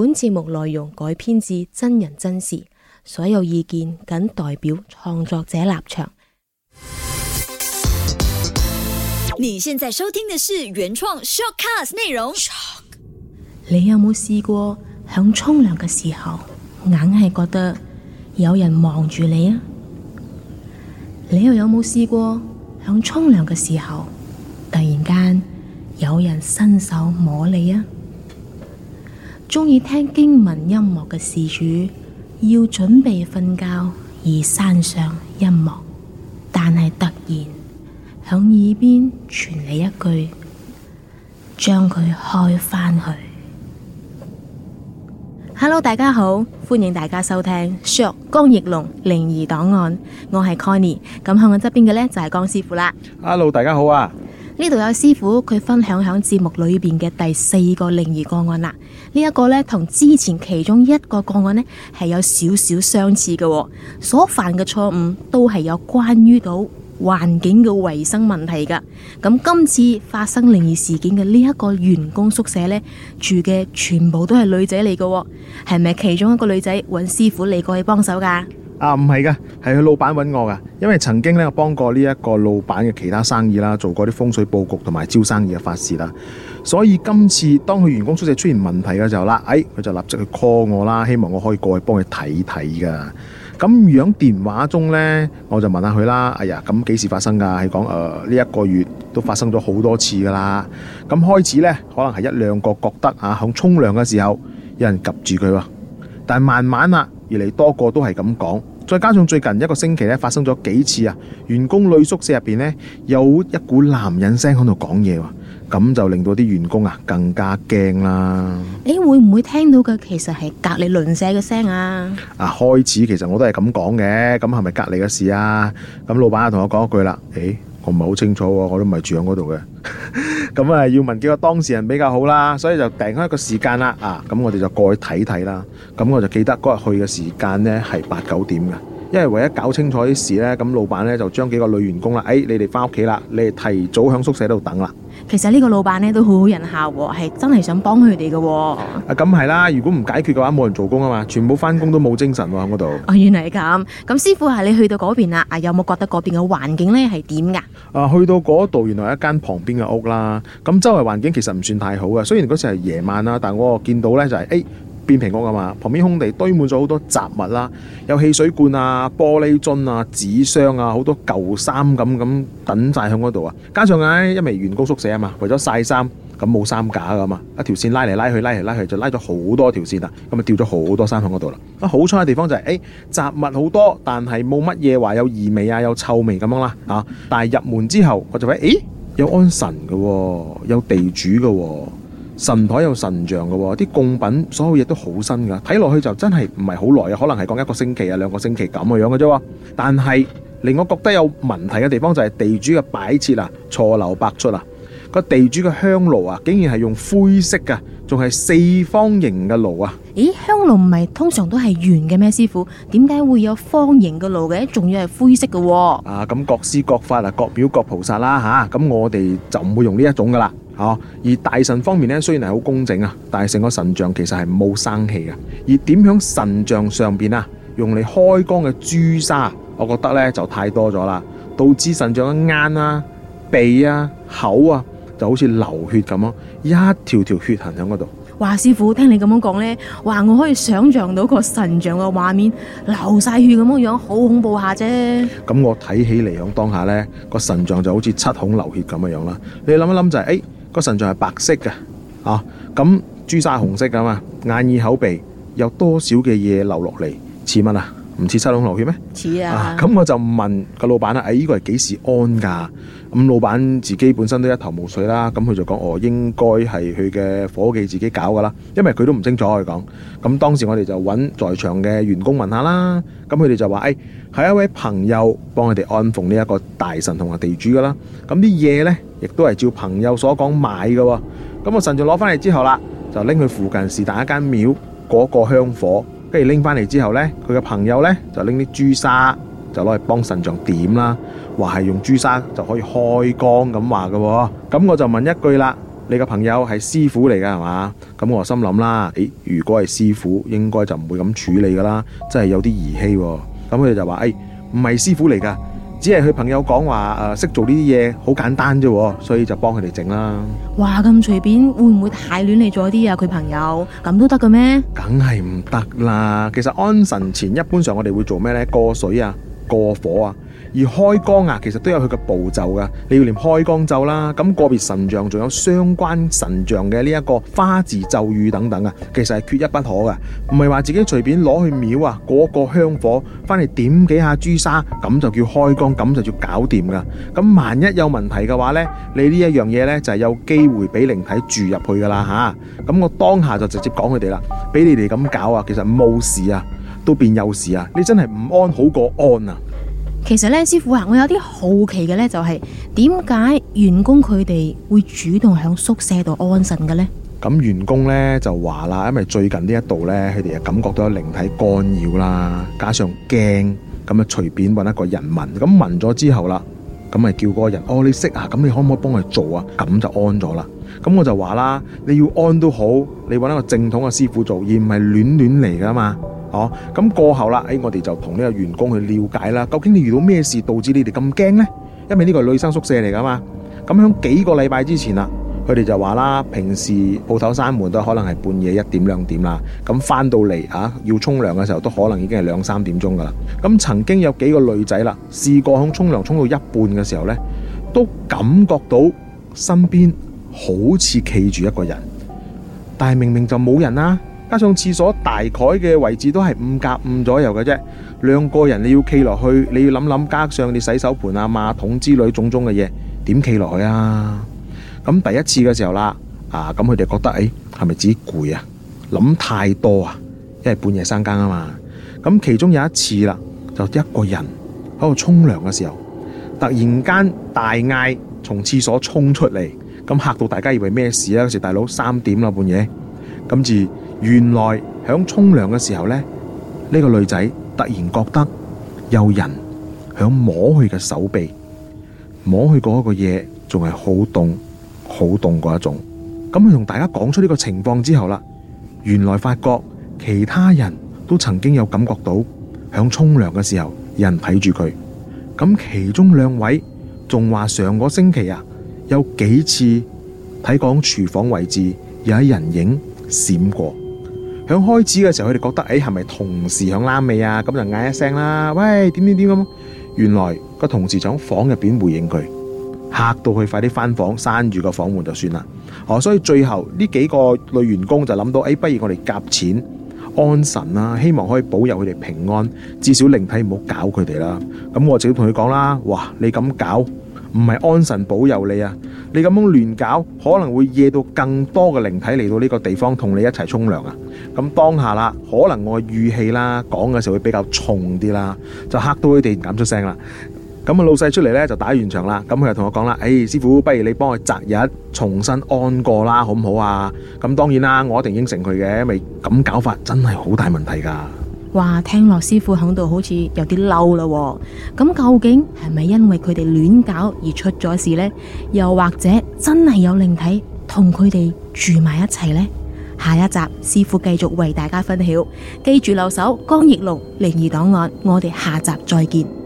本節目內容改編自真人真事，所有意見僅代表創作者立場。你現在收聽的是原創 shortcast 內容。你有冇試過響沖涼嘅時候，硬係覺得有人望住你啊？你又有冇試過響沖涼嘅時候，突然間有人伸手摸你啊？中意聽經文音樂嘅事主，要準備瞓覺而閂上音樂，但係突然響耳邊傳嚟一句，將佢開返去。Hello，大家好，歡迎大家收聽《江奕龍靈異檔案》，我係 Connie，咁向我側邊嘅呢，就係江師傅啦。Hello，大家好啊！呢度有師傅佢分享響節目裏邊嘅第四個靈異個案啦，呢一個呢，同之前其中一個個案呢，係有少少相似嘅喎，所犯嘅錯誤都係有關於到環境嘅衛生問題噶。咁今次發生靈異事件嘅呢一個員工宿舍呢，住嘅全部都係女仔嚟嘅，係咪其中一個女仔揾師傅嚟過去幫手噶？啊，唔係嘅，係佢老闆揾我噶，因為曾經呢，我幫過呢一個老闆嘅其他生意啦，做過啲風水布局同埋招生意嘅法事啦，所以今次當佢員工宿舍出現問題嘅時候啦，哎，佢就立即去 call 我啦，希望我可以過去幫佢睇睇噶。咁樣電話中呢，我就問下佢啦，哎呀，咁幾時發生噶？係講誒呢一個月都發生咗好多次噶啦。咁開始呢，可能係一兩個覺得啊，響沖涼嘅時候有人及住佢，但係慢慢啊，而嚟多個都係咁講。再加上最近一個星期咧，發生咗幾次啊，員工女宿舍入邊咧，有一股男人聲喺度講嘢喎，咁就令到啲員工啊更加驚啦。誒，會唔會聽到嘅其實係隔離鄰舍嘅聲啊？啊，開始其實我都係咁講嘅，咁係咪隔離嘅事啊？咁老闆就同我講一句啦，誒、哎。我唔係好清楚喎，我都唔係住喺嗰度嘅，咁啊要問幾個當事人比較好啦，所以就訂開一個時間啦，啊，咁我哋就過去睇睇啦，咁、嗯、我就記得嗰日去嘅時間呢係八九點嘅。因為唯一搞清楚啲事咧，咁老闆咧就將幾個女員工啦，誒，你哋翻屋企啦，你哋提早喺宿舍度等啦。其實呢個老闆咧都好好人㗎喎，係真係想幫佢哋嘅。啊，咁係啦，如果唔解決嘅話，冇人做工啊嘛，全部翻工都冇精神喎，喺嗰度。哦，原嚟係咁。咁師傅係你去到嗰邊啦，啊，有冇覺得嗰邊嘅環境咧係點噶？啊，去到嗰度原來係一間旁邊嘅屋啦，咁周圍環境其實唔算太好啊。雖然嗰時係夜晚啦，但係我見到咧就係誒。變平屋噶嘛，旁邊空地堆滿咗好多雜物啦，啊，有汽水罐啊、玻璃樽啊、紙箱啊，好多舊衫咁咁等晒喺嗰度啊。加上咧，因為員工宿舍啊嘛，為咗晒衫，咁冇衫架噶嘛，一條線拉嚟拉去，拉嚟拉去就拉咗好多條線啦，咁咪掉咗好多衫喺嗰度啦。啊，好彩嘅地方就係、是、誒、欸，雜物好多，但係冇乜嘢話有異味啊，有臭味咁樣啦。吓、啊，但係入門之後，我就話，咦、欸，有安神嘅、哦，有地主嘅、哦。神台有神像嘅、哦，啲供品所有嘢都好新噶，睇落去就真係唔係好耐啊，可能係講一個星期啊，兩個星期咁嘅樣嘅啫。但係令我覺得有問題嘅地方就係地主嘅擺設啊，錯漏百出啊。個地主嘅香爐啊，竟然係用灰色嘅，仲係四方形嘅爐啊。咦、哎，香爐唔係通常都係圓嘅咩？師傅，點解會有方形嘅爐嘅？仲要係灰色嘅、哦啊？啊，咁各施各法啊，各表各菩薩啦吓。咁我哋就唔會用呢一種噶啦。啊！而大神方面咧，雖然係好工整啊，但係成個神像其實係冇生氣嘅。而點響神像上邊啊，用嚟開光嘅朱砂，我覺得咧就太多咗啦，導致神像嘅眼啊、鼻啊、口啊，就好似流血咁咯，一條條血痕喺嗰度。華師傅，聽你咁樣講咧，哇！我可以想象到個神像嘅畫面流晒血咁樣樣，好恐怖下啫。咁我睇起嚟響當下咧，個神像就好似七孔流血咁嘅樣啦。你諗一諗就係、是、誒。哎個神像係白色嘅，啊，咁朱砂紅色噶嘛，眼耳口鼻有多少嘅嘢流落嚟？似乜啊？唔似七孔流血咩？似啊，咁我就問個老闆啦，誒，呢個係幾時安噶？咁老闆自己本身都一頭霧水啦，咁佢就講，哦，應該係佢嘅伙計自己搞噶啦，因為佢都唔清楚我哋講。咁當時我哋就揾在場嘅員工問下啦，咁佢哋就話，誒，係一位朋友幫佢哋安奉呢一個大神同埋地主噶啦，咁啲嘢呢。亦都係照朋友所講買嘅喎，咁我神像攞翻嚟之後啦，就拎去附近是但一間廟嗰個香火，跟住拎翻嚟之後咧，佢嘅朋友咧就拎啲朱砂就攞嚟幫神像點啦，話係用朱砂就可以開光咁話嘅，咁我就問一句啦，你嘅朋友係師傅嚟噶係嘛？咁我心諗啦，誒、哎，如果係師傅，應該就唔會咁處理噶啦，真係有啲兒戲，咁佢就話誒，唔係師傅嚟噶。只係佢朋友講話，誒、呃、識做呢啲嘢好簡單啫，所以就幫佢哋整啦。哇，咁隨便，會唔會太亂嚟咗啲啊？佢朋友咁都得嘅咩？梗係唔得啦！其實安神前一般上我哋會做咩呢？過水啊！過火啊！而開光啊，其實都有佢嘅步驟噶。你要念開光咒啦，咁個別神像仲有相關神像嘅呢一個花字咒語等等啊，其實係缺一不可噶。唔係話自己隨便攞去廟啊，嗰個香火翻嚟點幾下朱砂，咁就叫開光，咁就叫搞掂噶。咁萬一有問題嘅話咧，你呢一樣嘢咧就係有機會俾靈體住入去噶啦吓。咁我當下就直接講佢哋啦，俾你哋咁搞啊，其實冇事啊。都變有事啊！你真係唔安好過安啊！其實呢，師傅啊，我有啲好奇嘅呢，就是，就係點解員工佢哋會主動響宿舍度安神嘅呢？咁員工呢，就話啦，因為最近呢一度呢，佢哋感覺到有靈體干擾啦，加上驚，咁啊隨便揾一個人問，咁問咗之後啦，咁咪叫嗰個人哦，你識啊，咁你可唔可以幫佢做啊？咁就安咗啦。咁我就話啦，你要安都好，你揾一個正統嘅師傅做，而唔係亂亂嚟噶嘛。哦，咁過後啦，誒，我哋就同呢個員工去了解啦，究竟你遇到咩事導致你哋咁驚呢？因為呢個係女生宿舍嚟噶嘛，咁響幾個禮拜之前啦，佢哋就話啦，平時鋪頭閂門都可能係半夜一點兩點啦，咁翻到嚟，啊，要沖涼嘅時候都可能已經係兩三點鐘噶啦。咁曾經有幾個女仔啦，試過響沖涼沖到一半嘅時候呢，都感覺到身邊好似企住一個人，但係明明就冇人啊。加上廁所大概嘅位置都係五格五左右嘅啫，兩個人你要企落去，你要諗諗，加上你洗手盆啊、馬桶之類種種嘅嘢，點企落去啊？咁第一次嘅時候啦，啊，咁佢哋覺得誒係咪自己攰啊？諗太多啊，因為半夜三更啊嘛。咁其中有一次啦，就一個人喺度沖涼嘅時候，突然間大嗌，從廁所衝出嚟，咁嚇到大家以為咩事啊？嗰時大佬三點啦，半夜，跟住。原來響沖涼嘅時候呢，呢、呢個女仔突然覺得有人響摸佢嘅手臂，摸佢嗰個嘢，仲係好凍，好凍嗰一種。咁佢同大家講出呢個情況之後啦，原來發覺其他人都曾經有感覺到響沖涼嘅時候，有人睇住佢。咁其中兩位仲話上個星期啊，有幾次睇講廚房位置有喺人影閃過。響開始嘅時候，佢哋覺得，哎，係咪同事響拉尾啊？咁就嗌一聲啦，喂，點點點咁。原來個同事響房入邊回應佢，吓到佢快啲翻房閂住個房門就算啦。哦，所以最後呢幾個女員工就諗到，哎，不如我哋夾錢安神啦，希望可以保佑佢哋平安，至少靈體唔好搞佢哋啦。咁我就要同佢講啦，哇，你咁搞！唔係安神保佑你啊！你咁樣亂搞，可能會惹到更多嘅靈體嚟到呢個地方同你一齊沖涼啊！咁當下啦，可能我語氣啦講嘅時候會比較重啲啦，就嚇到佢哋唔敢出聲啦。咁啊老細出嚟咧，就打完場啦，咁佢就同我講啦，誒，師傅，不如你幫我擇日重新安過啦，好唔好啊？咁當然啦，我一定應承佢嘅，因為咁搞法真係好大問題噶。話聽落，師傅響度好似有啲嬲啦，咁究竟係咪因為佢哋亂搞而出咗事呢？又或者真係有靈體同佢哋住埋一齊呢？下一集師傅繼續為大家分享，記住留守江奕龍靈異檔案，我哋下集再見。